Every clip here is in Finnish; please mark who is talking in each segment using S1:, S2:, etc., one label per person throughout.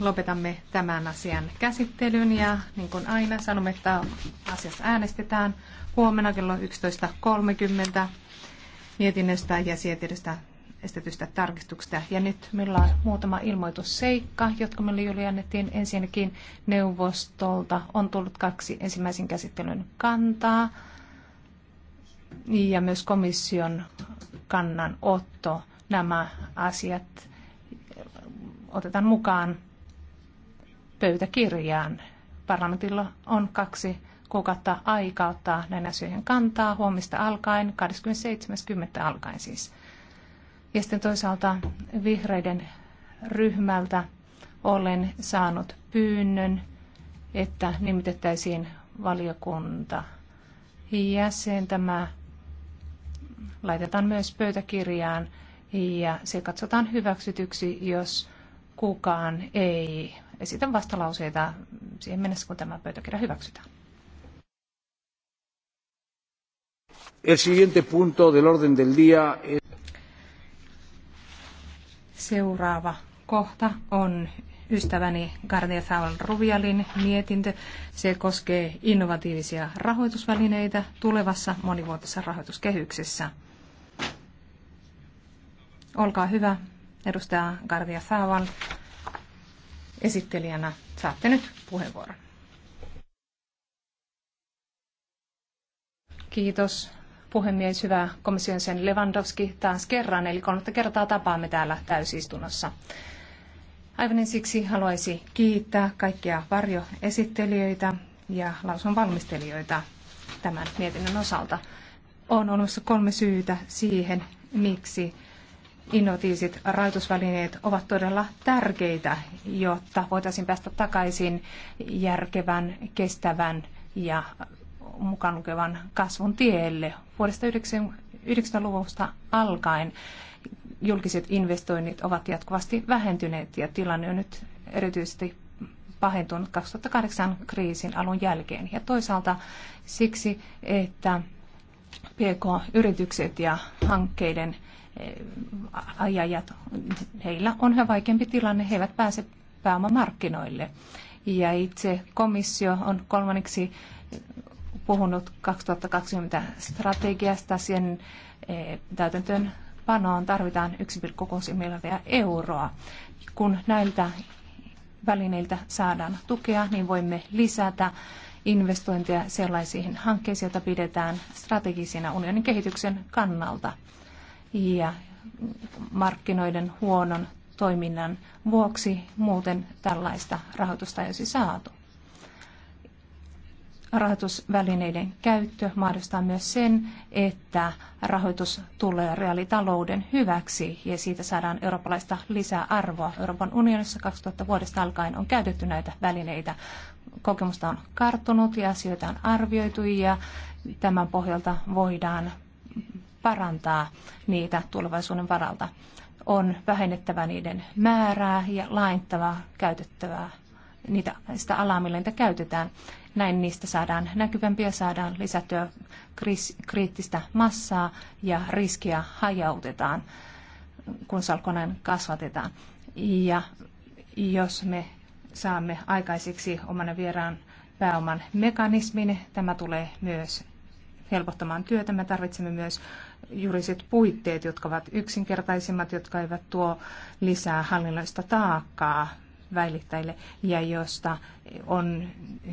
S1: Lopetamme tämän asian käsittelyn ja niin kuin aina sanomme, että asiassa äänestetään huomenna kello 11.30 mietinnöstä ja sietinnöstä estetystä tarkistuksesta. Ja nyt meillä on muutama ilmoitusseikka, jotka meille juuri annettiin ensinnäkin neuvostolta. On tullut kaksi ensimmäisen käsittelyn kantaa ja myös komission kannanotto. Nämä asiat otetaan mukaan pöytäkirjaan. Parlamentilla on kaksi kuukautta aikaa ottaa näin asioihin kantaa huomista alkaen, 27.10. alkaen siis. Ja sitten toisaalta vihreiden ryhmältä olen saanut pyynnön, että nimitettäisiin valiokunta jäsen. Tämä laitetaan myös pöytäkirjaan ja se katsotaan hyväksytyksi, jos kukaan ei esitän vastalauseita siihen mennessä, kun tämä pöytäkirja hyväksytään. El siguiente punto del orden del día es... Seuraava kohta on ystäväni Gardia Thaul Rubialin mietintö. Se koskee innovatiivisia rahoitusvälineitä tulevassa monivuotisessa rahoituskehyksessä. Olkaa hyvä, edustaja Gardia Thaval esittelijänä. Saatte nyt puheenvuoron. Kiitos puhemies, hyvä komission sen Lewandowski taas kerran, eli kolmatta kertaa tapaamme täällä täysistunnossa. Aivan siksi haluaisin kiittää kaikkia varjoesittelijöitä ja lausun valmistelijoita tämän mietinnön osalta. On olemassa kolme syytä siihen, miksi innovatiiviset rajoitusvälineet ovat todella tärkeitä, jotta voitaisiin päästä takaisin järkevän, kestävän ja mukaan lukevan kasvun tielle. Vuodesta 90-luvusta alkaen julkiset investoinnit ovat jatkuvasti vähentyneet ja tilanne on nyt erityisesti pahentunut 2008 kriisin alun jälkeen. Ja toisaalta siksi, että PK-yritykset ja hankkeiden ajajat, heillä on yhä vaikeampi tilanne, he eivät pääse pääomamarkkinoille. Ja itse komissio on kolmanneksi puhunut 2020 strategiasta, sen eh, täytäntöön panoon tarvitaan 1,6 miljardia euroa. Kun näiltä välineiltä saadaan tukea, niin voimme lisätä investointeja sellaisiin hankkeisiin, joita pidetään strategisina unionin kehityksen kannalta ja markkinoiden huonon toiminnan vuoksi muuten tällaista rahoitusta ei olisi saatu. Rahoitusvälineiden käyttö mahdollistaa myös sen, että rahoitus tulee reaalitalouden hyväksi ja siitä saadaan eurooppalaista lisäarvoa. Euroopan unionissa 2000 vuodesta alkaen on käytetty näitä välineitä. Kokemusta on karttunut ja asioita on arvioitu ja tämän pohjalta voidaan parantaa niitä tulevaisuuden varalta. On vähennettävä niiden määrää ja laajentava käytettävää niitä, sitä alaa, millä niitä käytetään. Näin niistä saadaan näkyvämpiä, saadaan lisättyä kriis, kriittistä massaa ja riskiä hajautetaan, kun salkonen kasvatetaan. Ja jos me saamme aikaiseksi oman vieraan pääoman mekanismin, tämä tulee myös helpottamaan työtä. Me tarvitsemme myös juriset puitteet, jotka ovat yksinkertaisimmat, jotka eivät tuo lisää hallinnoista taakkaa välittäjille ja josta on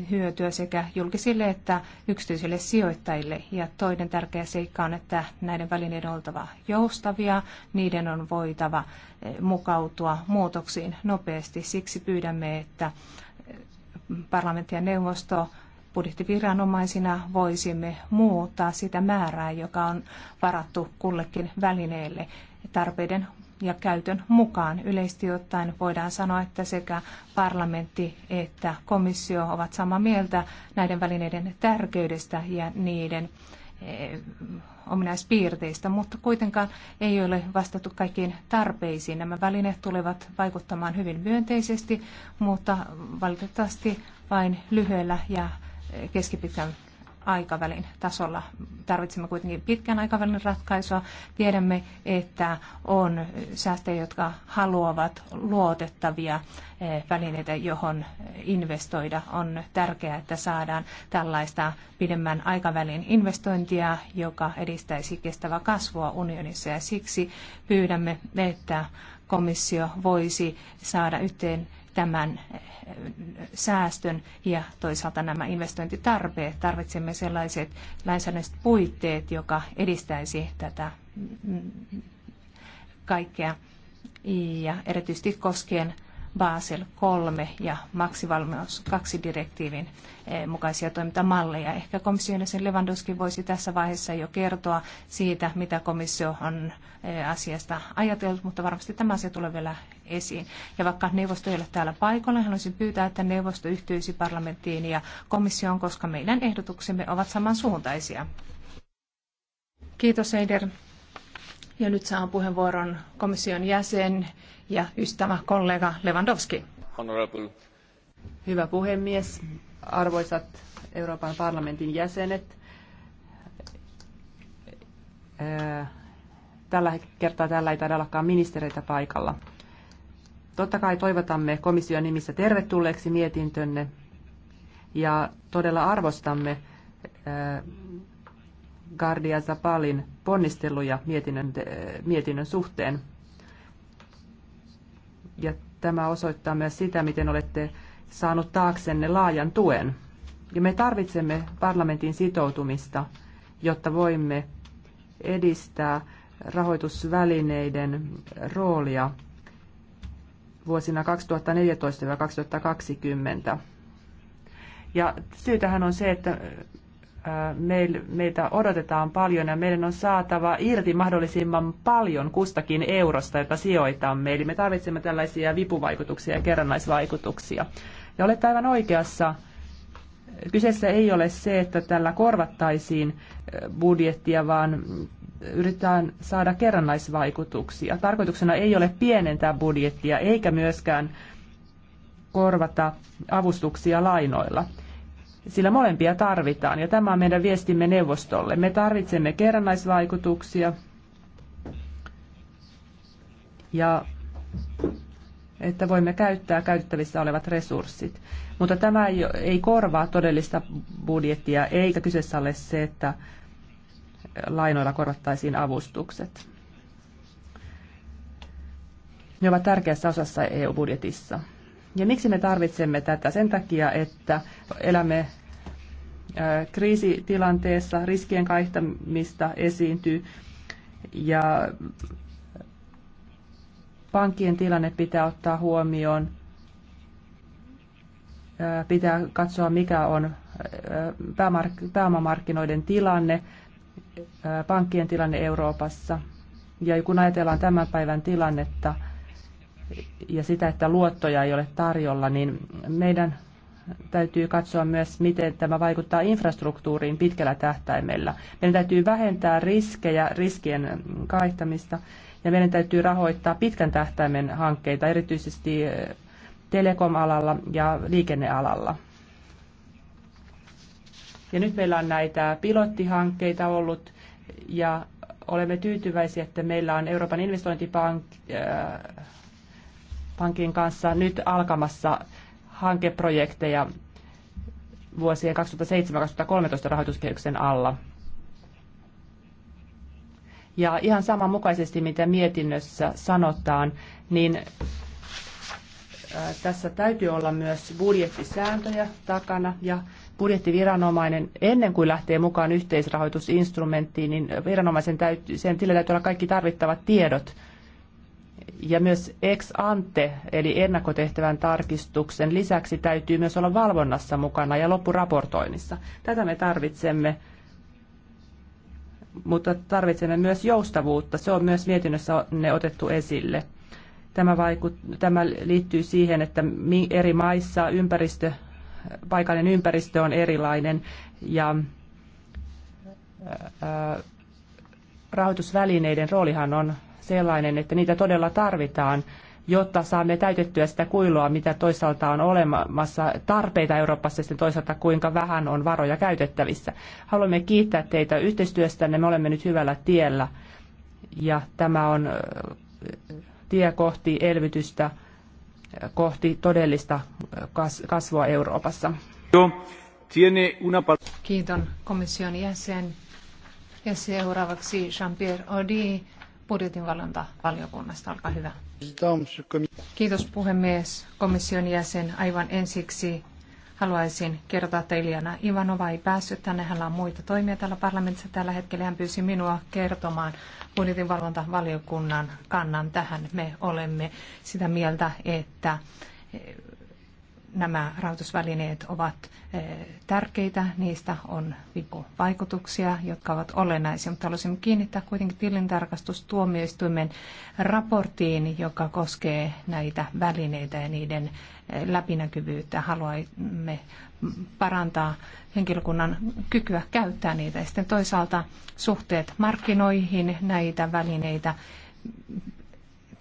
S1: hyötyä sekä julkisille että yksityisille sijoittajille. Ja toinen tärkeä seikka on, että näiden välineiden on oltava joustavia, niiden on voitava eh, mukautua muutoksiin nopeasti. Siksi pyydämme, että eh, parlamentti ja neuvosto budjettiviranomaisina voisimme muuttaa sitä määrää, joka on varattu kullekin välineelle tarpeiden ja käytön mukaan. Yleisesti ottaen voidaan sanoa, että sekä parlamentti että komissio ovat samaa mieltä näiden välineiden tärkeydestä ja niiden eh, ominaispiirteistä, mutta kuitenkaan ei ole vastattu kaikkiin tarpeisiin. Nämä välineet tulevat vaikuttamaan hyvin myönteisesti, mutta valitettavasti vain lyhyellä ja keskipitkän aikavälin tasolla. Tarvitsemme kuitenkin pitkän aikavälin ratkaisua. Tiedämme, että on säästöjä, jotka haluavat luotettavia eh, välineitä, johon investoida. On tärkeää, että saadaan tällaista pidemmän aikavälin investointia, joka edistäisi kestävää kasvua unionissa. Ja siksi pyydämme, että komissio voisi saada yhteen tämän eh, säästön ja toisaalta nämä investointitarpeet. Tarvitsemme sellaiset lainsäädännölliset puitteet, joka edistäisi tätä mm, mm, kaikkea ja erityisesti koskien Basel 3 ja maksivalmius 2 direktiivin eh, mukaisia toimintamalleja. Ehkä komission sen Lewandowski voisi tässä vaiheessa jo kertoa siitä, mitä komissio on eh, asiasta ajatellut, mutta varmasti tämä asia tulee vielä esiin. Ja vaikka neuvosto ei ole täällä paikalla, haluaisin pyytää, että neuvosto yhtyisi parlamenttiin ja komissioon, koska meidän ehdotuksemme ovat samansuuntaisia. Kiitos Eider. Ja nyt saan puheenvuoron komission jäsen ja ystävä kollega Lewandowski.
S2: Honorable.
S3: Hyvä puhemies, arvoisat Euroopan parlamentin jäsenet. Tällä kertaa täällä ei taida ministereitä paikalla. Totta kai toivotamme komission nimissä tervetulleeksi mietintönne ja todella arvostamme äh, Gardia Zapalin ponnisteluja mietinnön, mietinnön suhteen. Ja tämä osoittaa myös sitä, miten olette saanut taaksenne laajan tuen. Ja me tarvitsemme parlamentin sitoutumista, jotta voimme edistää rahoitusvälineiden roolia vuosina 2014-2020. Ja syytähän on se, että meiltä odotetaan paljon ja meidän on saatava irti mahdollisimman paljon kustakin eurosta, jota sijoitamme. Eli me tarvitsemme tällaisia vipuvaikutuksia ja kerrannaisvaikutuksia. Ja olet aivan oikeassa. Kyseessä ei ole se, että tällä korvattaisiin budjettia, vaan yritetään saada kerrannaisvaikutuksia. Tarkoituksena ei ole pienentää budjettia eikä myöskään korvata avustuksia lainoilla, sillä molempia tarvitaan ja tämä on meidän viestimme neuvostolle. Me tarvitsemme kerrannaisvaikutuksia ja että voimme käyttää käytettävissä olevat resurssit. Mutta tämä ei korvaa todellista budjettia, eikä kyseessä ole se, että lainoilla korvattaisiin avustukset. Ne ovat tärkeässä osassa EU-budjetissa. Ja miksi me tarvitsemme tätä? Sen takia, että elämme kriisitilanteessa, riskien kaihtamista esiintyy ja pankkien tilanne pitää ottaa huomioon. Pitää katsoa, mikä on pääomamarkkinoiden tilanne, pankkien tilanne Euroopassa. Ja kun ajatellaan tämän päivän tilannetta ja sitä, että luottoja ei ole tarjolla, niin meidän täytyy katsoa myös, miten tämä vaikuttaa infrastruktuuriin pitkällä tähtäimellä. Meidän täytyy vähentää riskejä, riskien kaihtamista, ja meidän täytyy rahoittaa pitkän tähtäimen hankkeita, erityisesti telekom-alalla ja liikennealalla. Ja nyt meillä on näitä pilottihankkeita ollut, ja olemme tyytyväisiä, että meillä on Euroopan investointipankin äh, kanssa nyt alkamassa hankeprojekteja vuosien 2007-2013 rahoituskehyksen alla. Ja ihan samanmukaisesti, mitä mietinnössä sanotaan, niin äh, tässä täytyy olla myös budjettisääntöjä takana ja budjettiviranomainen ennen kuin lähtee mukaan yhteisrahoitusinstrumenttiin, niin viranomaisen täytyy, sen, sillä täytyy olla kaikki tarvittavat tiedot. Ja myös ex ante, eli ennakkotehtävän tarkistuksen lisäksi täytyy myös olla valvonnassa mukana ja loppuraportoinnissa. Tätä me tarvitsemme, mutta tarvitsemme myös joustavuutta. Se on myös mietinnössä ne otettu esille. Tämä, vaikut, tämä liittyy siihen, että eri maissa ympäristö paikallinen ympäristö on erilainen ja rahoitusvälineiden roolihan on sellainen, että niitä todella tarvitaan, jotta saamme täytettyä sitä kuilua, mitä toisaalta on olemassa tarpeita Euroopassa ja toisaalta kuinka vähän on varoja käytettävissä. Haluamme kiittää teitä yhteistyöstänne, me olemme nyt hyvällä tiellä ja tämä on tie kohti elvytystä kohti todellista äh, kasvua Euroopassa. Kiiton komission
S1: jäsen. Ja seuraavaksi Jean-Pierre Audi budjetin valiokunnasta Olkaa hyvä. Kiitos puhemies, komission jäsen. Aivan ensiksi Haluaisin kertoa, että Iljana Ivanova ei päässyt tänne. Hänellä on muita toimia täällä parlamentissa tällä hetkellä. Hän pyysi minua kertomaan budjetinvalvontavaliokunnan kannan tähän. Me olemme sitä mieltä, että nämä rahoitusvälineet ovat eh, tärkeitä, niistä on vaikutuksia, jotka ovat olennaisia, mutta haluaisin kiinnittää kuitenkin tilintarkastustuomioistuimen raporttiin, joka koskee näitä välineitä ja niiden eh, läpinäkyvyyttä. Haluamme parantaa henkilökunnan kykyä käyttää niitä. Ja sitten toisaalta suhteet markkinoihin näitä välineitä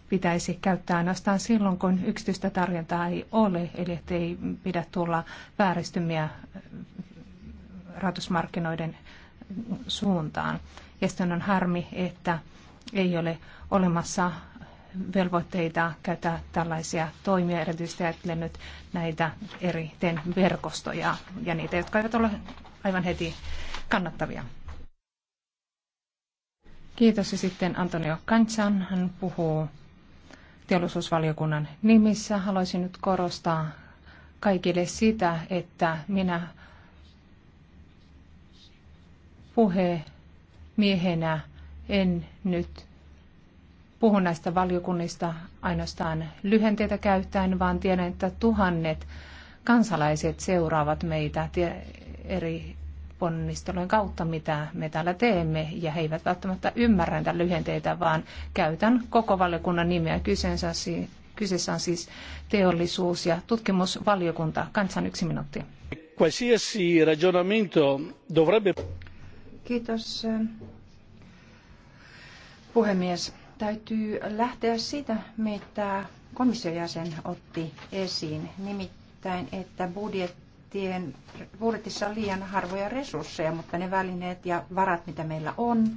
S1: pitäisi käyttää ainoastaan silloin, kun yksityistä tarjontaa ei ole, eli ettei pidä tulla vääristymiä rahoitusmarkkinoiden suuntaan. Ja sitten on harmi, että ei ole olemassa velvoitteita käyttää tällaisia toimia, erityisesti ajattelen nyt näitä eri verkostoja ja niitä, jotka eivät ole aivan heti kannattavia. Kiitos ja sitten Antonio Kansan, hän puhuu teollisuusvaliokunnan nimissä haluaisin nyt korostaa kaikille sitä, että minä puhemiehenä en nyt puhu näistä valiokunnista ainoastaan lyhenteitä käyttäen, vaan tiedän, että tuhannet kansalaiset seuraavat meitä eri ponnistelujen kautta, mitä me täällä teemme, ja he eivät välttämättä ymmärrä näitä lyhenteitä, vaan käytän koko valiokunnan nimeä kyseensä. Kyseessä on siis teollisuus- ja tutkimusvaliokunta. Kansan yksi minuutti.
S2: Qualsiasi ragionamento dovrebbe... Kiitos. Eh, puhemies, täytyy lähteä siitä, mitä komission jäsen otti esiin, nimittäin, että budjetti budjettien, budjetissa on liian harvoja resursseja, mutta ne välineet ja varat, mitä meillä on,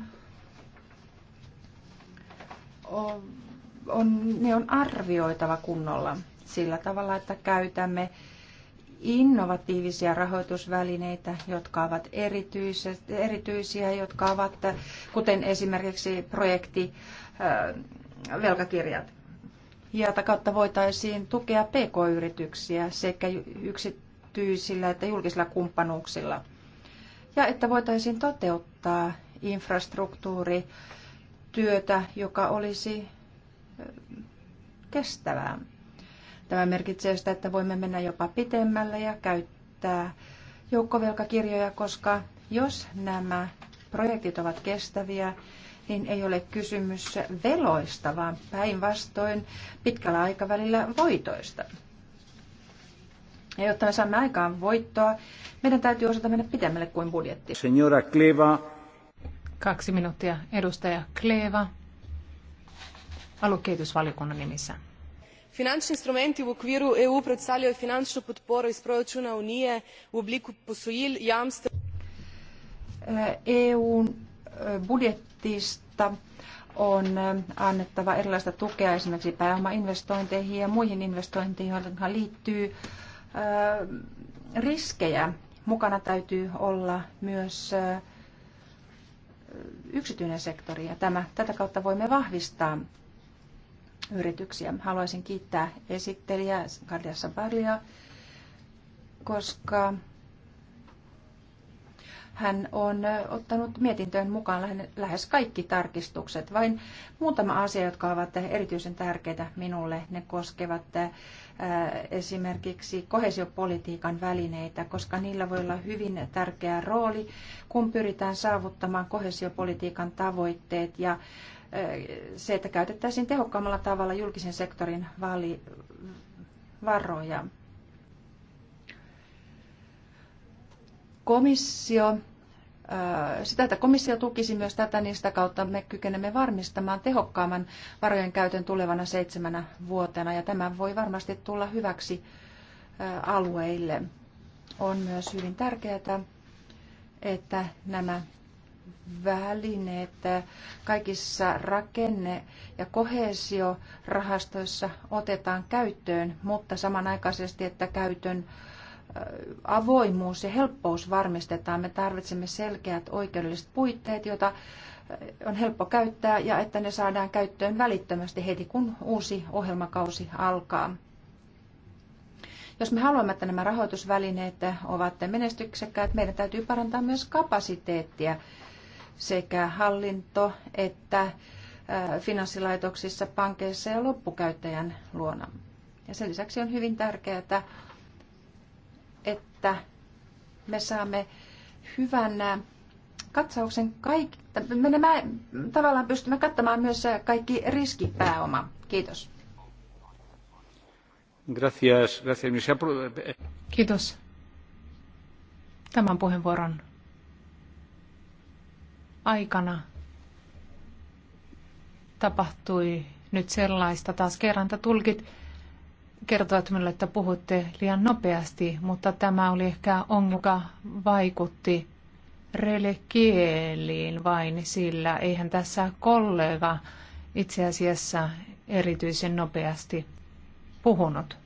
S2: on, on ne on arvioitava kunnolla sillä tavalla, että käytämme innovatiivisia rahoitusvälineitä, jotka ovat erityisiä, jotka ovat, kuten esimerkiksi projekti äh, velkakirjat. Ja kautta voitaisiin tukea pk-yrityksiä sekä yksit, yksityisillä että julkisilla kumppanuuksilla. Ja että voitaisiin toteuttaa infrastruktuurityötä, joka olisi kestävää. Tämä merkitsee sitä, että voimme mennä jopa pitemmälle ja käyttää joukkovelkakirjoja, koska jos nämä projektit ovat kestäviä, niin ei ole kysymys veloista, vaan päinvastoin pitkällä aikavälillä voitoista. Ja jotta me saamme aikaan voittoa, meidän täytyy osata mennä pitemmälle kuin budjetti.
S3: Senora
S1: Kleva.
S2: Kaksi minuuttia. Edustaja Kleva,
S1: alukehitysvaliokunnan nimissä.
S3: Finanssi instrumenti e u okviru EU predstavljaju finančno podporo iz proračuna Unije u obliku posojil, jamstva.
S2: EUn e e, budjettista on annettava erilaista tukea esimerkiksi pääomainvestointeihin ja muihin investointeihin, joihin liittyy riskejä. Mukana täytyy olla myös yksityinen sektori ja tämä, tätä kautta voimme vahvistaa yrityksiä. Haluaisin kiittää esittelijä Gardia Sabaria, koska hän on ottanut mietintöön mukaan lähes kaikki tarkistukset. Vain muutama asia, jotka ovat erityisen tärkeitä minulle, ne koskevat Äh, esimerkiksi kohesiopolitiikan välineitä, koska niillä voi olla hyvin tärkeä rooli, kun pyritään saavuttamaan kohesiopolitiikan tavoitteet ja äh, se, että käytettäisiin tehokkaammalla tavalla julkisen sektorin varoja. Komissio sitä, että komissio tukisi myös tätä, niin sitä kautta me kykenemme varmistamaan tehokkaamman varojen käytön tulevana seitsemänä vuotena, ja tämä voi varmasti tulla hyväksi alueille. On myös hyvin tärkeää, että nämä välineet kaikissa rakenne- ja kohesiorahastoissa otetaan käyttöön, mutta samanaikaisesti, että käytön avoimuus ja helppous varmistetaan. Me tarvitsemme selkeät oikeudelliset puitteet, joita on helppo käyttää ja että ne saadaan käyttöön välittömästi heti, kun uusi ohjelmakausi alkaa. Jos me haluamme, että nämä rahoitusvälineet ovat menestyksekkäät, meidän täytyy parantaa myös kapasiteettia sekä hallinto että finanssilaitoksissa, pankeissa ja loppukäyttäjän luona. Ja sen lisäksi on hyvin tärkeää, että että me saamme hyvän äh, katsauksen kaikki, me nämä, tavallaan pystymme kattamaan myös äh, kaikki riskipääoma. Kiitos.
S1: Gracias, gracias. Kiitos tämän puheenvuoron aikana tapahtui nyt sellaista taas kerran, että tulkit kertovat minulle, että puhutte liian nopeasti, mutta tämä oli ehkä ongelma, joka vaikutti relekieliin vain, sillä eihän tässä kollega itse asiassa erityisen nopeasti puhunut.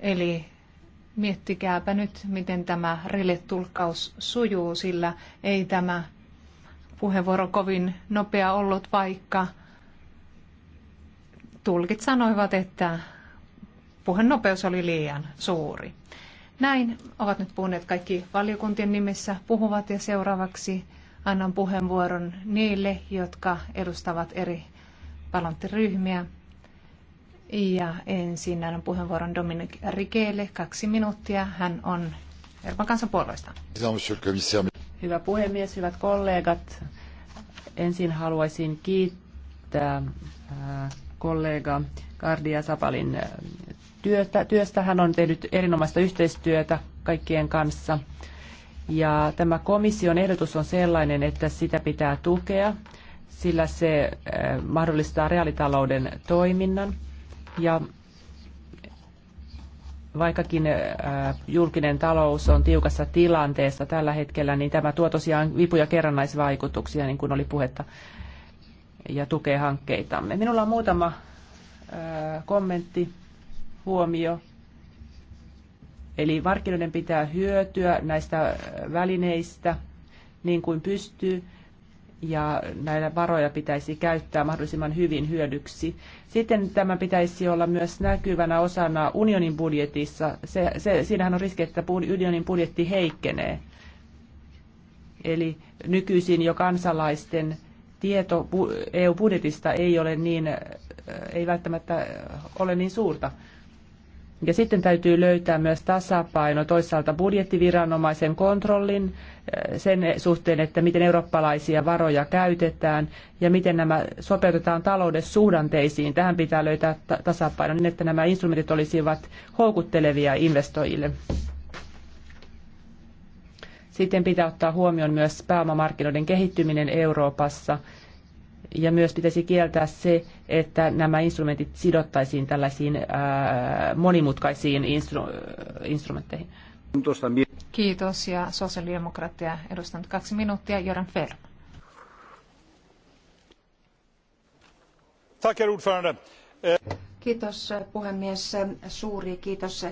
S1: Eli miettikääpä nyt, miten tämä reletulkaus sujuu, sillä ei tämä puheenvuoro kovin nopea ollut, vaikka tulkit sanoivat, että puheen nopeus oli liian suuri. Näin ovat nyt puhuneet kaikki valiokuntien nimissä puhuvat ja seuraavaksi annan puheenvuoron niille, jotka edustavat eri palanttiryhmiä. Ja ensin annan puheenvuoron Dominik Rikeelle,
S3: kaksi minuuttia. Hän on Euroopan kansan puolueesta. Hyvä puhemies, hyvät kollegat. Ensin haluaisin kiittää äh, kollega Kardia Sapalin äh, työtä, työstä. Hän on tehnyt erinomaista yhteistyötä kaikkien kanssa. Ja tämä komission ehdotus on sellainen, että sitä pitää tukea, sillä se eh, mahdollistaa reaalitalouden toiminnan. Ja vaikkakin eh, julkinen talous on tiukassa tilanteessa tällä hetkellä, niin tämä tuo tosiaan vipuja kerrannaisvaikutuksia, niin kuin oli puhetta, ja tukee hankkeitamme. Minulla on muutama eh, kommentti huomio. Eli markkinoiden pitää hyötyä näistä välineistä niin kuin pystyy ja näillä varoja pitäisi käyttää mahdollisimman hyvin hyödyksi. Sitten tämä pitäisi olla myös näkyvänä osana unionin budjetissa. Se, se, siinähän on riski, että unionin budjetti heikkenee. Eli nykyisin jo kansalaisten tieto EU-budjetista ei ole niin, ei välttämättä ole niin suurta. Ja sitten täytyy löytää myös tasapaino toisaalta budjettiviranomaisen kontrollin eh, sen suhteen, että miten eurooppalaisia varoja käytetään ja miten nämä sopeutetaan taloudessuhdanteisiin. Tähän pitää löytää tasapaino niin, että nämä instrumentit olisivat houkuttelevia investoijille. Sitten pitää ottaa huomioon myös pääomamarkkinoiden kehittyminen Euroopassa – ja myös pitäisi kieltää se, että nämä instrumentit sidottaisiin tällaisiin ää, äh, monimutkaisiin instru- instrumentteihin.
S1: Kiitos ja sosiaalidemokratia edustanut kaksi minuuttia,
S2: Joran Ferm. Eh. Kiitos puhemies. Suuri kiitos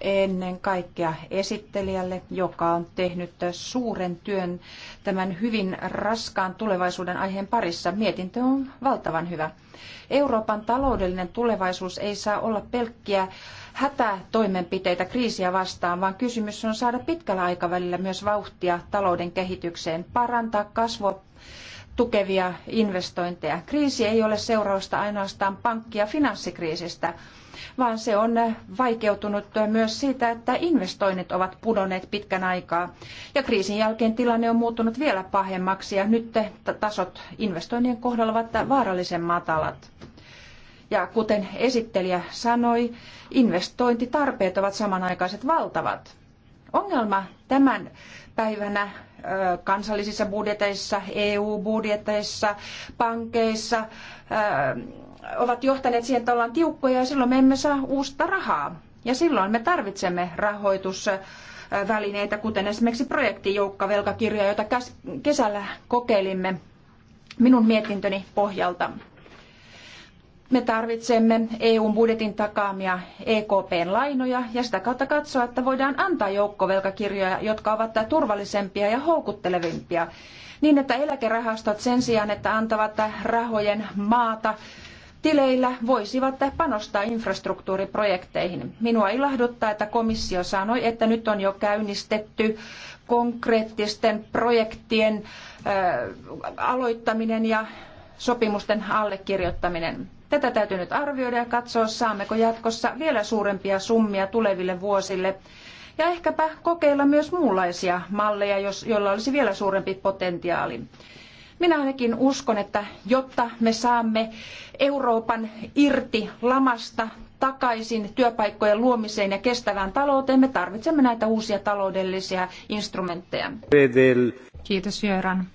S2: ennen kaikkea esittelijälle, joka on tehnyt suuren työn tämän hyvin raskaan tulevaisuuden aiheen parissa. Mietintö on valtavan hyvä. Euroopan taloudellinen tulevaisuus ei saa olla pelkkiä hätätoimenpiteitä kriisiä vastaan, vaan kysymys on saada pitkällä aikavälillä myös vauhtia talouden kehitykseen, parantaa kasvua tukevia investointeja. Kriisi ei ole seurausta ainoastaan pankki- ja finanssikriisistä, vaan se on vaikeutunut myös siitä, että investoinnit ovat pudonneet pitkän aikaa. Ja kriisin jälkeen tilanne on muuttunut vielä pahemmaksi ja nyt tasot investoinnien kohdalla ovat vaarallisen matalat. Ja kuten esittelijä sanoi, investointitarpeet ovat samanaikaiset valtavat. Ongelma tämän päivänä kansallisissa budjeteissa, EU-budjeteissa, pankeissa, ovat johtaneet siihen, että ollaan tiukkoja ja silloin me emme saa uusta rahaa. Ja silloin me tarvitsemme rahoitusvälineitä, kuten esimerkiksi projektijoukkavelkakirjoja, joita kesällä kokeilimme minun mietintöni pohjalta. Me tarvitsemme EUn budjetin takaamia EKPn lainoja ja sitä kautta katsoa, että voidaan antaa joukkovelkakirjoja, jotka ovat turvallisempia ja houkuttelevimpia, niin että eläkerahastot sen sijaan, että antavat rahojen maata tileillä voisivat panostaa infrastruktuuriprojekteihin. Minua ilahduttaa, että komissio sanoi, että nyt on jo käynnistetty konkreettisten projektien äh, aloittaminen ja sopimusten allekirjoittaminen. Tätä täytyy nyt arvioida ja katsoa, saammeko jatkossa vielä suurempia summia tuleville vuosille ja ehkäpä kokeilla myös muunlaisia malleja, jos, joilla olisi vielä suurempi potentiaali. Minä ainakin uskon, että jotta me saamme Euroopan irti lamasta takaisin työpaikkojen luomiseen ja kestävään talouteen, me tarvitsemme näitä uusia taloudellisia instrumentteja. Kiitos
S1: Jöran.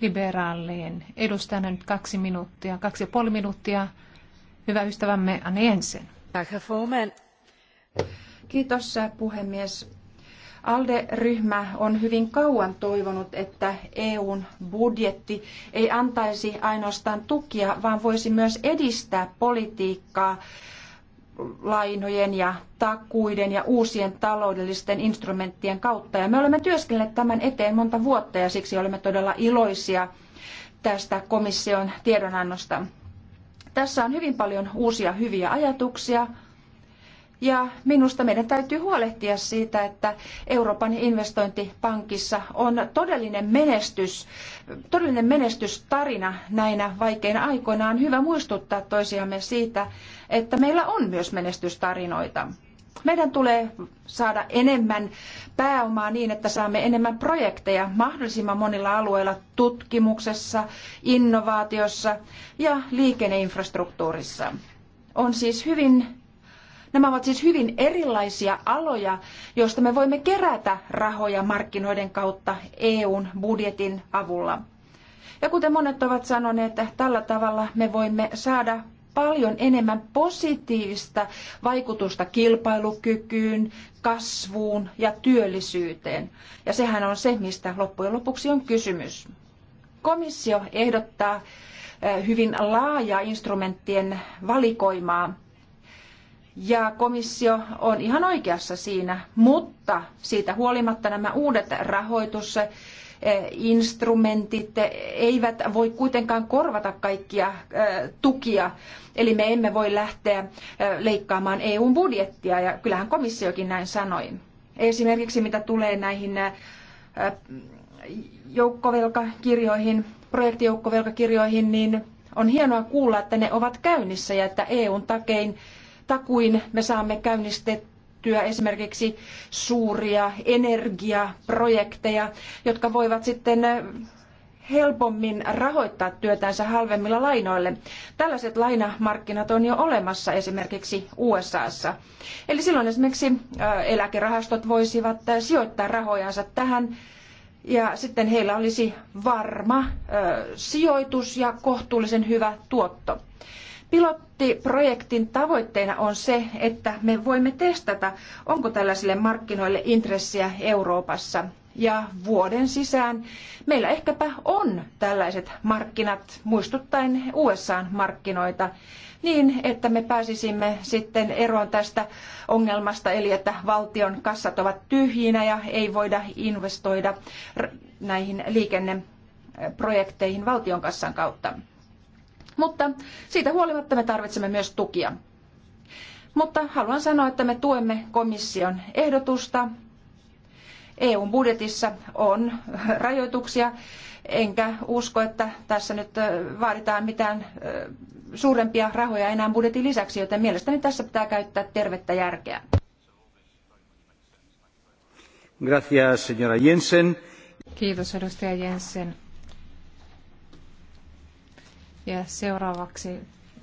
S1: Liberaalien edustajana nyt kaksi minuuttia, kaksi ja puoli
S2: minuuttia. Hyvä ystävämme Anne Jensen. Kiitos puhemies. ALDE-ryhmä on hyvin kauan toivonut, että EUn budjetti ei antaisi ainoastaan tukia, vaan voisi myös edistää politiikkaa lainojen ja takuiden ja uusien taloudellisten instrumenttien kautta. Ja me olemme työskennelleet tämän eteen monta vuotta ja siksi olemme todella iloisia tästä komission tiedonannosta. Tässä on hyvin paljon uusia hyviä ajatuksia, ja minusta meidän täytyy huolehtia siitä, että Euroopan investointipankissa on todellinen menestys, todellinen menestystarina näinä vaikeina aikoina. On hyvä muistuttaa toisiamme siitä, että meillä on myös menestystarinoita. Meidän tulee saada enemmän pääomaa niin, että saamme enemmän projekteja mahdollisimman monilla alueilla tutkimuksessa, innovaatiossa ja liikenneinfrastruktuurissa. On siis hyvin Nämä ovat siis hyvin erilaisia aloja, joista me voimme kerätä rahoja markkinoiden kautta EUn budjetin avulla. Ja kuten monet ovat sanoneet, että tällä tavalla me voimme saada paljon enemmän positiivista vaikutusta kilpailukykyyn, kasvuun ja työllisyyteen. Ja sehän on se, mistä loppujen lopuksi on kysymys. Komissio ehdottaa eh, hyvin laajaa instrumenttien valikoimaa ja komissio on ihan oikeassa siinä, mutta siitä huolimatta nämä uudet rahoitusinstrumentit instrumentit eivät voi kuitenkaan korvata kaikkia tukia, eli me emme voi lähteä leikkaamaan EUn budjettia, ja kyllähän komissiokin näin sanoi. Esimerkiksi mitä tulee näihin joukkovelkakirjoihin, projektijoukkovelkakirjoihin, niin on hienoa kuulla, että ne ovat käynnissä ja että EUn takein takuin me saamme käynnistettyä esimerkiksi suuria energiaprojekteja, jotka voivat sitten helpommin rahoittaa työtänsä halvemmilla lainoille. Tällaiset lainamarkkinat on jo olemassa esimerkiksi USAssa. Eli silloin esimerkiksi äh, eläkerahastot voisivat äh, sijoittaa rahojansa tähän ja sitten heillä olisi varma äh, sijoitus ja kohtuullisen hyvä tuotto. Pilottiprojektin tavoitteena on se, että me voimme testata, onko tällaisille markkinoille intressiä Euroopassa. Ja vuoden sisään meillä ehkäpä on tällaiset markkinat, muistuttaen USA-markkinoita, niin että me pääsisimme sitten eroon tästä ongelmasta, eli että valtion kassat ovat tyhjinä ja ei voida investoida näihin liikenneprojekteihin valtion kassan kautta. Mutta siitä huolimatta me tarvitsemme myös tukia. Mutta haluan sanoa, että me tuemme komission ehdotusta. EUn budjetissa on rajoituksia, enkä usko, että tässä nyt vaaditaan mitään suurempia rahoja enää budjetin lisäksi, joten mielestäni tässä pitää käyttää tervettä järkeä. Gracias, señora Jensen. Kiitos,
S1: edustaja Jensen. Ja seuraavaksi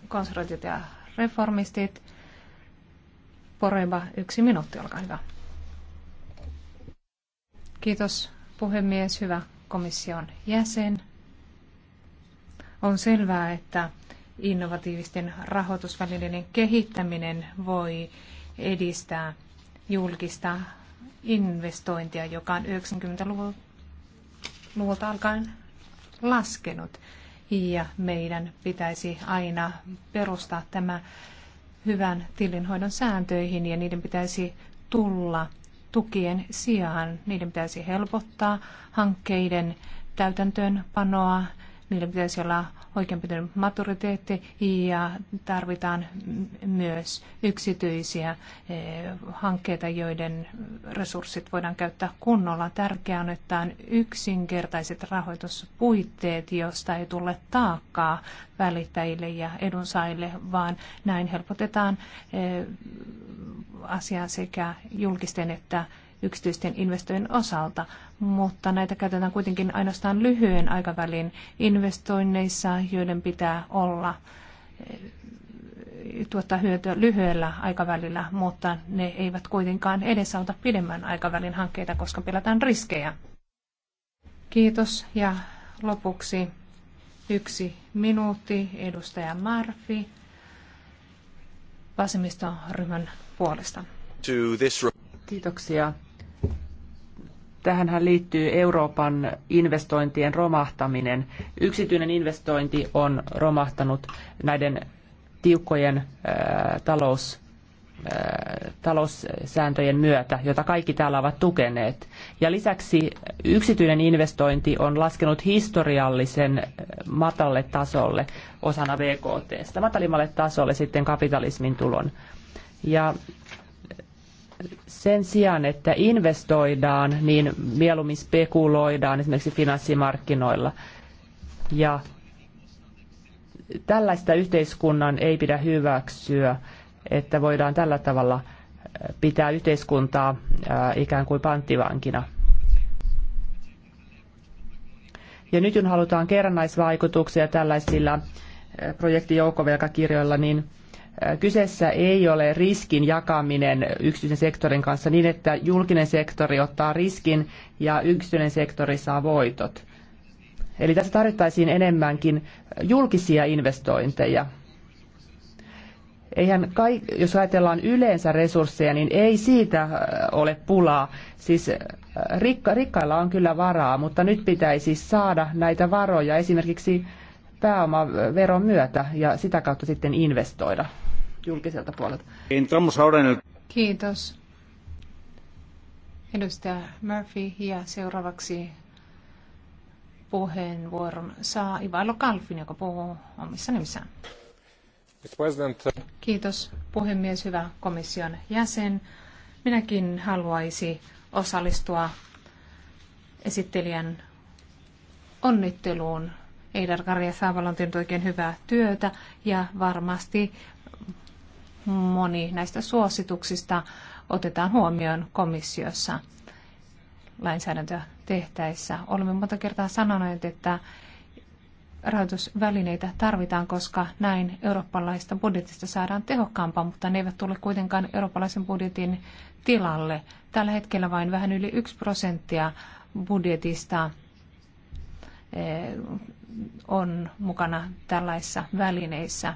S1: konservatiivit ja reformistit. Poreba, yksi minuutti, olkaa hyvä. Kiitos puhemies, hyvä komission jäsen. On selvää, että innovatiivisten rahoitusvälineiden kehittäminen voi edistää julkista investointia, joka on 90-luvulta alkaen laskenut ja meidän pitäisi aina perustaa tämä hyvän tilinhoidon sääntöihin ja niiden pitäisi tulla tukien sijaan. Niiden pitäisi helpottaa hankkeiden täytäntöönpanoa Niillä pitäisi olla oikeanpitoinen maturiteetti ja tarvitaan myös yksityisiä eh, hankkeita, joiden resurssit voidaan käyttää kunnolla. Tärkeää on, että on yksinkertaiset rahoituspuitteet, josta ei tule taakkaa välittäjille ja edunsaajille, vaan näin helpotetaan eh, asiaa sekä julkisten että yksityisten investoinnin osalta, mutta näitä käytetään kuitenkin ainoastaan lyhyen aikavälin investoinneissa, joiden pitää olla eh, tuottaa hyötyä lyhyellä aikavälillä, mutta ne eivät kuitenkaan edesauta pidemmän aikavälin hankkeita, koska pelätään riskejä. Kiitos ja lopuksi yksi minuutti edustaja Marfi
S3: vasemmistoryhmän puolesta. Kiitoksia Tähänhän liittyy Euroopan investointien romahtaminen. Yksityinen investointi on romahtanut näiden tiukkojen ää, talous, ää, taloussääntöjen myötä, jota kaikki täällä ovat tukeneet. Ja lisäksi yksityinen investointi on laskenut historiallisen matalle tasolle osana VKT, matalimmalle tasolle sitten kapitalismin tulon. Ja sen sijaan, että investoidaan, niin mieluummin spekuloidaan esimerkiksi finanssimarkkinoilla. Ja tällaista yhteiskunnan ei pidä hyväksyä, että voidaan tällä tavalla äh, pitää yhteiskuntaa äh, ikään kuin panttivankina. Ja nyt kun halutaan kerrannaisvaikutuksia tällaisilla äh, projektijoukkovelkakirjoilla, niin Kyseessä ei ole riskin jakaminen yksityisen sektorin kanssa niin, että julkinen sektori ottaa riskin ja yksityinen sektori saa voitot. Eli tässä tarvittaisiin enemmänkin julkisia investointeja. Eihän kaik, jos ajatellaan yleensä resursseja, niin ei siitä äh, ole pulaa. Siis äh, rikka, rikkailla on kyllä varaa, mutta nyt pitäisi saada näitä varoja esimerkiksi pääomaveron myötä ja sitä kautta sitten investoida julkiselta puolelta. Kiitos.
S1: Edustaja Murphy ja seuraavaksi puheenvuoron saa Ivailo Kalfin, joka puhuu omissa nimissään. Uh, Kiitos puhemies, hyvä komission jäsen. Minäkin haluaisin osallistua esittelijän onnitteluun. Eidar Karja Saavala on tehnyt oikein hyvää työtä ja varmasti moni näistä suosituksista otetaan huomioon komissiossa lainsäädäntöä tehtäessä. Olemme monta kertaa sanoneet, että rahoitusvälineitä tarvitaan, koska näin eurooppalaista budjetista saadaan tehokkaampaa, mutta ne eivät tule kuitenkaan eurooppalaisen budjetin tilalle. Tällä hetkellä vain vähän yli 1 prosenttia budjetista eh, on mukana tällaisissa välineissä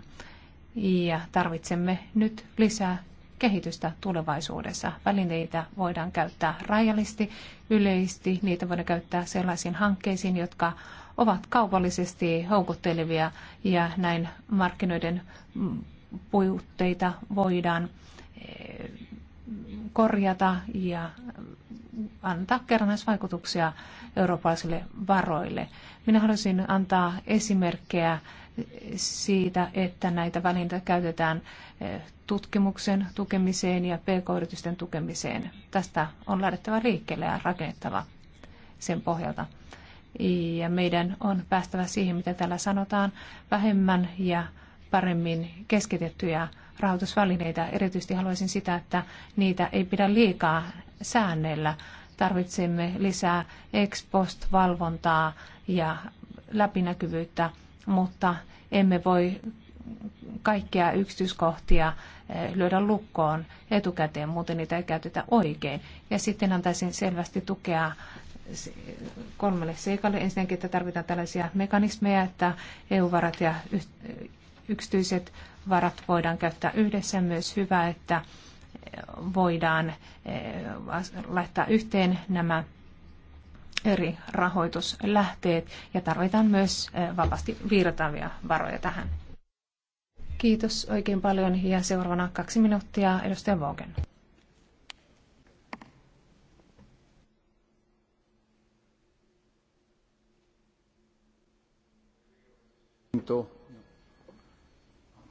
S1: ja tarvitsemme nyt lisää kehitystä tulevaisuudessa. Välineitä voidaan käyttää rajallisesti, yleisesti, niitä voidaan käyttää sellaisiin hankkeisiin, jotka ovat kaupallisesti houkuttelevia ja näin markkinoiden puutteita voidaan eh, korjata ja antaa kerrannaisvaikutuksia eurooppalaisille varoille. Minä haluaisin antaa esimerkkejä siitä, että näitä välineitä käytetään eh, tutkimuksen tukemiseen ja pk-yritysten tukemiseen. Tästä on lähdettävä liikkeelle ja rakennettava sen pohjalta. Ja meidän on päästävä siihen, mitä täällä sanotaan, vähemmän ja paremmin keskitettyjä rahoitusvälineitä. Erityisesti haluaisin sitä, että niitä ei pidä liikaa säännellä. Tarvitsemme lisää ex post valvontaa ja läpinäkyvyyttä mutta emme voi kaikkia yksityiskohtia eh, lyödä lukkoon etukäteen, muuten niitä ei käytetä oikein. Ja sitten antaisin selvästi tukea kolmelle seikalle. Ensinnäkin, että tarvitaan tällaisia mekanismeja, että EU-varat ja yksityiset varat voidaan käyttää yhdessä. Myös hyvä, että voidaan eh, laittaa yhteen nämä eri rahoituslähteet ja tarvitaan myös vapaasti virtaavia varoja tähän. Kiitos oikein paljon ja seuraavana kaksi minuuttia edustaja Vogen.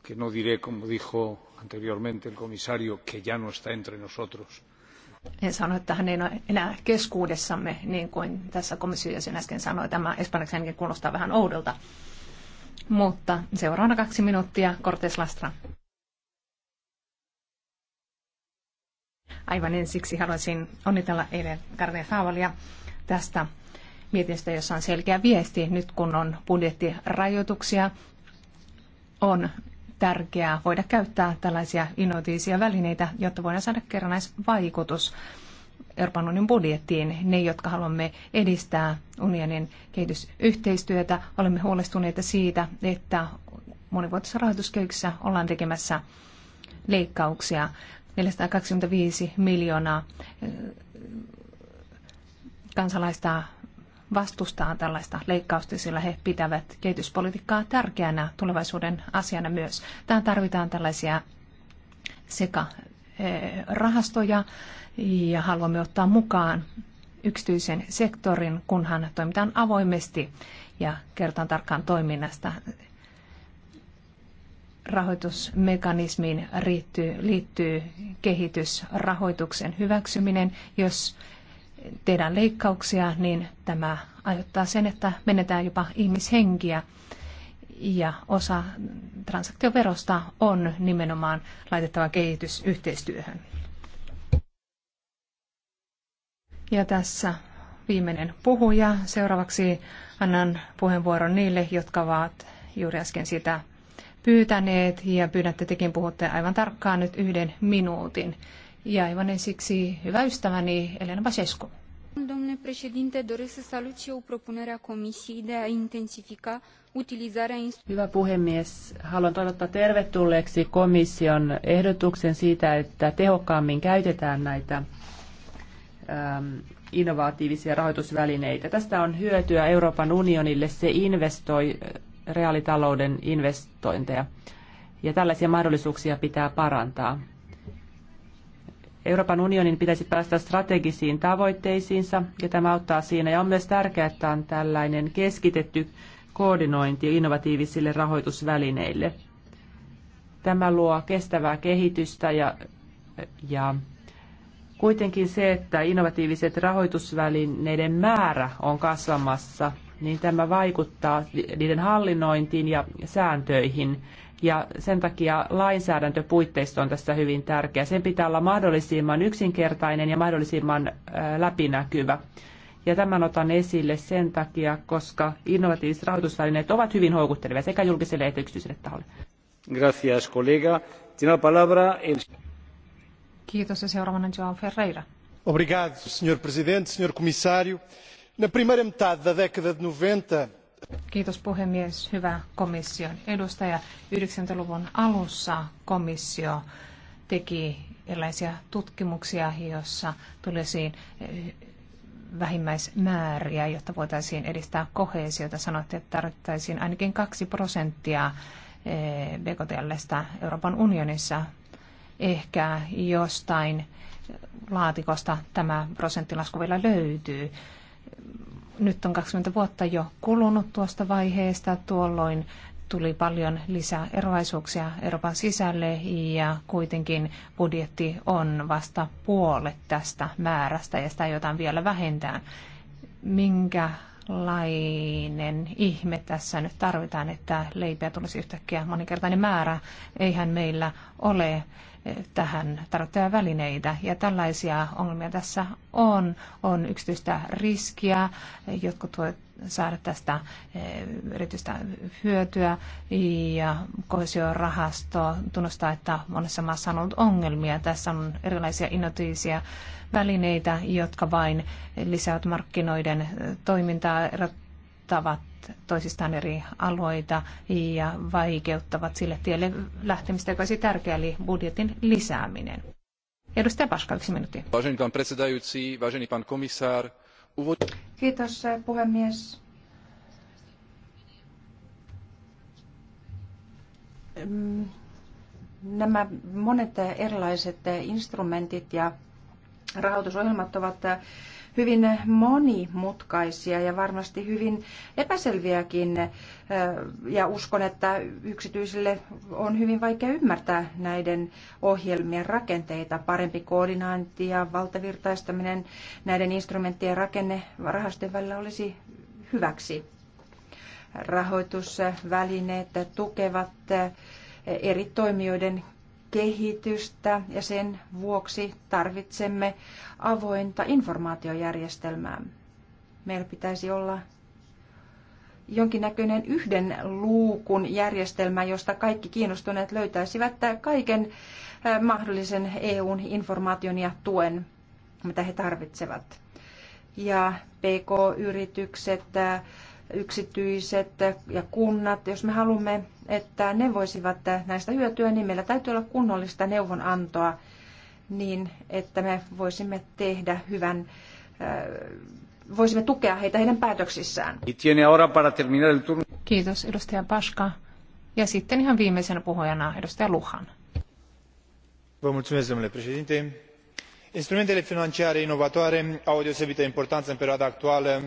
S1: que no diré como dijo anteriormente el comisario que ya no está entre nosotros hän sanoi, että hän ei ole enää keskuudessamme, niin kuin tässä komission jäsen äsken sanoi. Tämä espanjaksi ainakin kuulostaa vähän oudolta. Mutta seuraavana kaksi minuuttia, Cortes Lastra. Aivan ensiksi haluaisin onnitella eilen Karne Faavalia tästä mietinnöstä, jossa on selkeä viesti. Nyt kun on budjettirajoituksia, on tärkeää voida käyttää tällaisia innovatiivisia välineitä, jotta voidaan saada kerrannaisvaikutus Euroopan unionin budjettiin. Ne, jotka haluamme edistää unionin kehitysyhteistyötä, olemme huolestuneita siitä, että monivuotisessa rahoituskehyksessä ollaan tekemässä leikkauksia 425 miljoonaa eh, kansalaista vastustaa tällaista leikkausta, sillä he pitävät kehityspolitiikkaa tärkeänä tulevaisuuden asiana myös. Tähän tarvitaan tällaisia sekä eh, rahastoja ja haluamme ottaa mukaan yksityisen sektorin, kunhan toimitaan avoimesti ja kertaan tarkkaan toiminnasta. Rahoitusmekanismiin liittyy, liittyy kehitysrahoituksen hyväksyminen, jos tehdään leikkauksia, niin tämä aiheuttaa sen, että menetään jopa ihmishenkiä. Ja osa transaktioverosta on nimenomaan laitettava kehitysyhteistyöhön. Ja tässä viimeinen puhuja. Seuraavaksi annan puheenvuoron niille, jotka ovat juuri äsken sitä pyytäneet. Ja pyydätte tekin puhutte aivan tarkkaan nyt yhden minuutin. Ja aivan ensiksi hyvä ystäväni Elena Basescu.
S3: Domnule președinte, doresc să salut și eu propunerea Comisiei de a intensifica utilizarea Hyvä puhemies, haluan toivottaa tervetulleeksi komission ehdotuksen siitä, että tehokkaammin käytetään näitä ähm, innovatiivisia rahoitusvälineitä. Tästä on hyötyä Euroopan unionille, se investoi äh, reaalitalouden investointeja ja tällaisia mahdollisuuksia pitää parantaa. Euroopan unionin pitäisi päästä strategisiin tavoitteisiinsa ja tämä auttaa siinä. Ja on myös tärkeää, että on tällainen keskitetty koordinointi innovatiivisille rahoitusvälineille. Tämä luo kestävää kehitystä ja, ja kuitenkin se, että innovatiiviset rahoitusvälineiden määrä on kasvamassa, niin tämä vaikuttaa niiden hallinnointiin ja sääntöihin ja sen takia lainsäädäntöpuitteisto on tässä hyvin tärkeä. Sen pitää olla mahdollisimman yksinkertainen ja mahdollisimman läpinäkyvä. Ja tämän otan esille sen takia, koska innovatiiviset rahoitusvälineet ovat hyvin houkuttelevia sekä julkiselle että yksityiselle taholle.
S2: Gracias, colega. Tiene la palabra el...
S1: Kiitos
S3: ja seuraavana Joao Ferreira.
S2: Obrigado, senhor presidente, senhor comissário. Na primeira metade da década de 90,
S1: Kiitos puhemies. Hyvä komission edustaja. 90-luvun alussa komissio teki erilaisia tutkimuksia, joissa tuli esiin eh, vähimmäismääriä, jotta voitaisiin edistää kohesiota. Sanoitte, että tarvittaisiin ainakin kaksi prosenttia eh, BKTLstä Euroopan unionissa. Ehkä jostain laatikosta tämä prosenttilasku vielä löytyy nyt on 20 vuotta jo kulunut tuosta vaiheesta. Tuolloin tuli paljon lisää eroaisuuksia Euroopan sisälle ja kuitenkin budjetti on vasta puolet tästä määrästä ja sitä jotain vielä vähentää. Minkälainen ihme tässä nyt tarvitaan, että leipiä tulisi yhtäkkiä moninkertainen määrä? Eihän meillä ole tähän tarvittavia välineitä. Ja tällaisia ongelmia tässä on. On yksityistä riskiä, jotkut voivat saada tästä e, erityistä hyötyä. Ja kohesiorahasto tunnustaa, että monessa maassa on ollut ongelmia. Tässä on erilaisia innovatiivisia välineitä, jotka vain lisäävät markkinoiden e, toimintaa, erottavat toisistaan eri alueita ja vaikeuttavat sille tielle lähtemistä, joka olisi tärkeä, eli budjetin lisääminen. Edustaja Paska, yksi minuutti.
S2: Kiitos eh, puhemies. Mm, nämä monet erilaiset eh, instrumentit ja rahoitusohjelmat ovat eh, hyvin monimutkaisia ja varmasti hyvin epäselviäkin. Ja uskon, että yksityisille on hyvin vaikea ymmärtää näiden ohjelmien rakenteita. Parempi koordinaanti ja valtavirtaistaminen näiden instrumenttien rakenne rahastojen välillä olisi hyväksi. Rahoitusvälineet tukevat eri toimijoiden kehitystä ja sen vuoksi tarvitsemme avointa informaatiojärjestelmää. Meillä pitäisi olla jonkinnäköinen yhden luukun järjestelmä, josta kaikki kiinnostuneet löytäisivät kaiken mahdollisen EUn informaation ja tuen, mitä he tarvitsevat. Ja PK-yritykset, yksityiset ja kunnat, jos me haluamme, että ne voisivat näistä hyötyä, niin meillä täytyy olla kunnollista neuvonantoa niin, että me voisimme tehdä hyvän, äh, voisimme tukea heitä heidän päätöksissään.
S1: Kiitos edustaja Paska. Ja sitten ihan viimeisenä puhujana edustaja Luhan.
S3: Instrumentele financiare inovatoare au o deosebită importanță în perioada actuală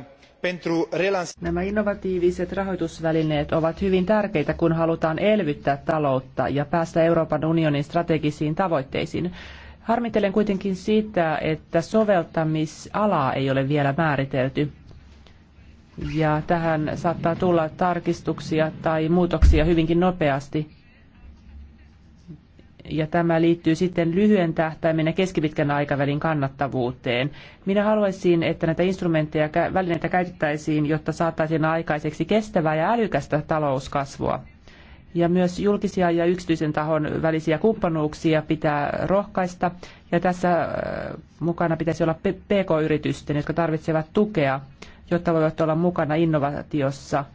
S3: Nämä innovatiiviset rahoitusvälineet ovat hyvin tärkeitä, kun halutaan elvyttää taloutta ja päästä Euroopan unionin strategisiin tavoitteisiin. Harmittelen kuitenkin sitä, että soveltamisalaa ei ole vielä määritelty. Ja tähän saattaa tulla tarkistuksia tai muutoksia hyvinkin nopeasti ja tämä liittyy sitten lyhyen tähtäimen ja keskipitkän aikavälin kannattavuuteen. Minä haluaisin, että näitä instrumentteja ja välineitä käytettäisiin, jotta saataisiin aikaiseksi kestävää ja älykästä talouskasvua. Ja myös julkisia ja yksityisen tahon välisiä kumppanuuksia pitää rohkaista. Ja tässä äh, mukana pitäisi olla pk-yritysten, jotka tarvitsevat tukea, jotta voivat olla mukana innovaatiossa,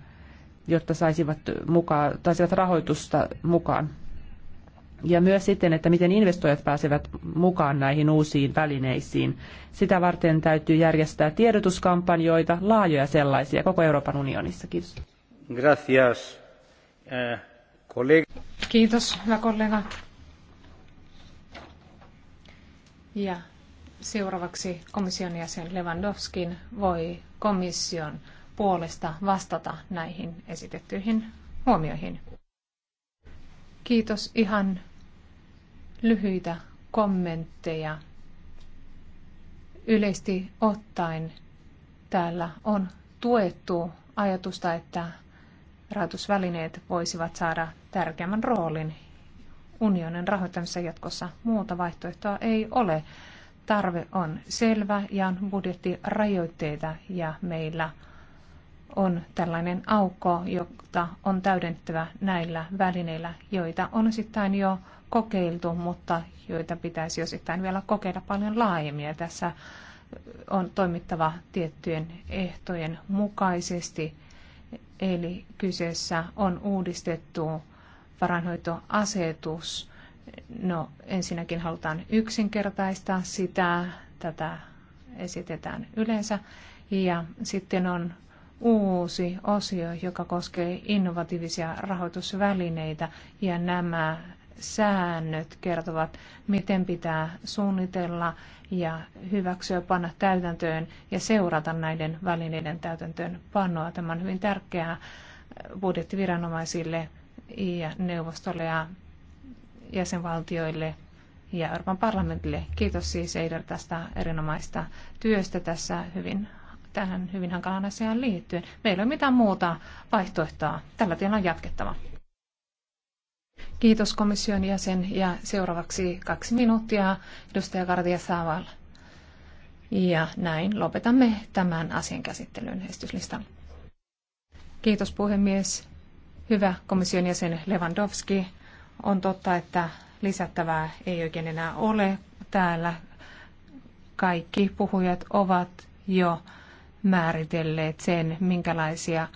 S3: jotta saisivat, mukaan, saisivat rahoitusta mukaan ja myös sitten, että miten investoijat pääsevät mukaan näihin uusiin välineisiin. Sitä varten täytyy järjestää tiedotuskampanjoita, laajoja sellaisia, koko Euroopan unionissa. Kiitos. Gracias, eh, kollega. Kiitos,
S1: hyvä kollega. Ja seuraavaksi komission jäsen Lewandowskin voi komission puolesta vastata näihin esitettyihin huomioihin. Kiitos ihan lyhyitä kommentteja. Yleisesti ottaen täällä on tuettu ajatusta, että rahoitusvälineet voisivat saada tärkeämmän roolin unionin rahoittamisessa jatkossa. Muuta vaihtoehtoa ei ole. Tarve on selvä ja on budjettirajoitteita ja meillä on tällainen aukko, jota on täydentävä näillä välineillä, joita on osittain jo kokeiltu, mutta joita pitäisi osittain vielä kokeilla paljon laajemmin. Ja tässä on toimittava tiettyjen ehtojen mukaisesti. Eli kyseessä on uudistettu varainhoitoasetus. No ensinnäkin halutaan yksinkertaistaa sitä, tätä esitetään yleensä. Ja sitten on uusi osio, joka koskee innovatiivisia rahoitusvälineitä ja nämä säännöt kertovat, miten pitää suunnitella ja hyväksyä, panna täytäntöön ja seurata näiden välineiden täytäntöön pannoa. Tämä on hyvin tärkeää budjettiviranomaisille ja neuvostolle ja jäsenvaltioille ja Euroopan parlamentille. Kiitos siis Eider tästä erinomaista työstä tässä hyvin, tähän hyvin hankalaan asiaan liittyen. Meillä ei ole mitään muuta vaihtoehtoa. Tällä tiellä on jatkettava. Kiitos komission jäsen ja seuraavaksi kaksi minuuttia edustaja Gardia Saavalla. Ja näin lopetamme tämän asian käsittelyn esityslistan. Kiitos puhemies. Hyvä komission jäsen Lewandowski. On totta, että lisättävää ei oikein enää ole täällä. Kaikki puhujat ovat jo määritelleet sen, minkälaisia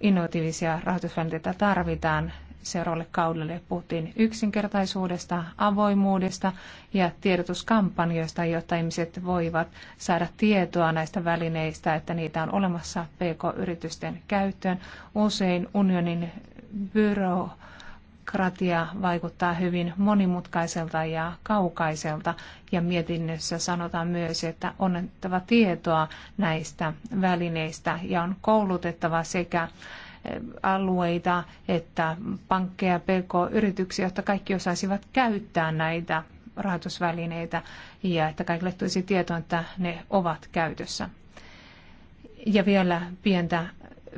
S1: innovatiivisia rahoitusvälineitä tarvitaan seuraavalle kaudelle. Puhuttiin yksinkertaisuudesta, avoimuudesta ja tiedotuskampanjoista, jotta ihmiset voivat saada tietoa näistä välineistä, että niitä on olemassa PK-yritysten käyttöön. Usein unionin byro Kratia vaikuttaa hyvin monimutkaiselta ja kaukaiselta ja mietinnössä sanotaan myös, että on annettava tietoa näistä välineistä ja on koulutettava sekä alueita, että pankkeja, pk-yrityksiä, jotta kaikki osaisivat käyttää näitä rahoitusvälineitä ja että kaikille tulisi tietoa, että ne ovat käytössä. Ja vielä pientä,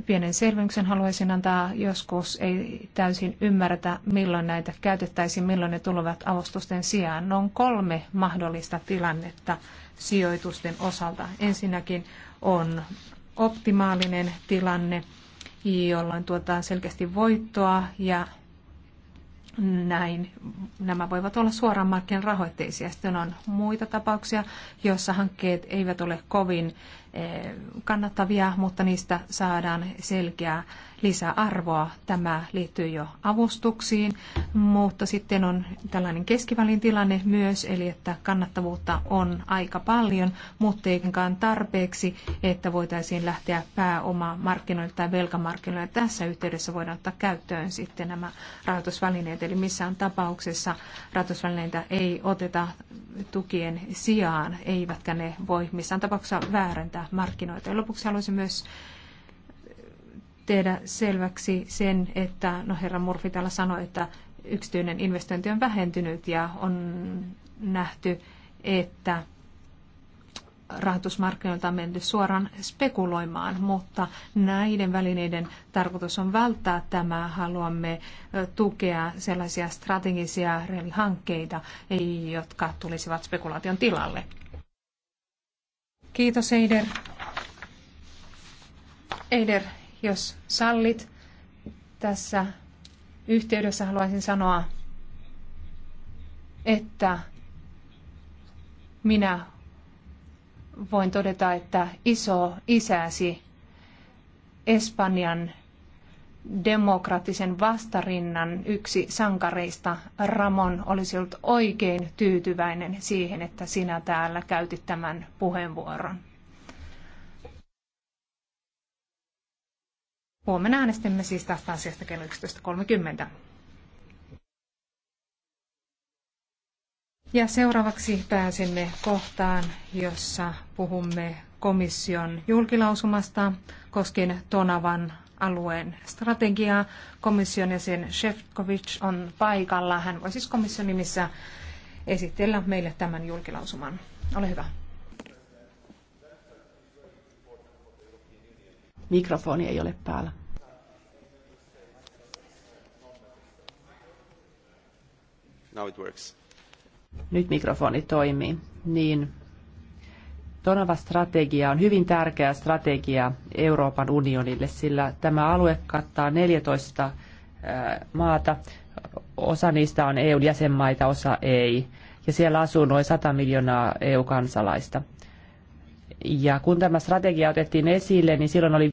S1: pienen selvennyksen haluaisin antaa. Joskus ei täysin ymmärretä, milloin näitä käytettäisiin, milloin ne tulevat avustusten sijaan. No on kolme mahdollista tilannetta sijoitusten osalta. Ensinnäkin on optimaalinen tilanne, jolloin tuotaan selkeästi voittoa ja näin. Nämä voivat olla suoraan markkinan rahoitteisia. Sitten on muita tapauksia, joissa hankkeet eivät ole kovin Eh, kannattavia, mutta niistä saadaan selkeää lisäarvoa. Tämä liittyy jo avustuksiin, mutta sitten on tällainen keskivälin tilanne myös, eli että kannattavuutta on aika paljon, mutta eikä tarpeeksi, että voitaisiin lähteä pääoma markkinoille tai velkamarkkinoille. Tässä yhteydessä voidaan ottaa käyttöön sitten nämä rahoitusvälineet, eli missään tapauksessa rahoitusvälineitä ei oteta tukien sijaan, eivätkä ne voi missään tapauksessa väärentää markkinoita. Ja lopuksi haluaisin myös tehdä selväksi sen, että no herra Murphy täällä sanoi, että yksityinen investointi on vähentynyt ja on nähty, että rahoitusmarkkinoilta on menty suoraan spekuloimaan, mutta näiden välineiden tarkoitus on välttää tämä. Haluamme tukea sellaisia strategisia hankkeita, jotka tulisivat spekulaation tilalle. Kiitos Eider. Eider, jos sallit, tässä yhteydessä haluaisin sanoa, että minä voin todeta, että iso isäsi Espanjan demokraattisen vastarinnan yksi sankareista, Ramon, olisi ollut oikein tyytyväinen siihen, että sinä täällä käytit tämän puheenvuoron. Huomenna äänestämme siis tästä asiasta kello 11.30. Ja seuraavaksi pääsemme kohtaan, jossa puhumme komission julkilausumasta koskien Tonavan alueen strategiaa. Komission jäsen Shevkovic on paikalla. Hän voi siis komission nimissä esitellä meille tämän julkilausuman. Ole hyvä.
S3: Mikrofoni ei ole päällä. Now it works. Nyt mikrofoni toimii. Niin, Donava strategia on hyvin tärkeä strategia Euroopan unionille, sillä tämä alue kattaa 14 maata. Osa niistä on EU jäsenmaita, osa ei. Ja siellä asuu noin 100 miljoonaa EU-kansalaista. Ja kun tämä strategia otettiin esille, niin silloin oli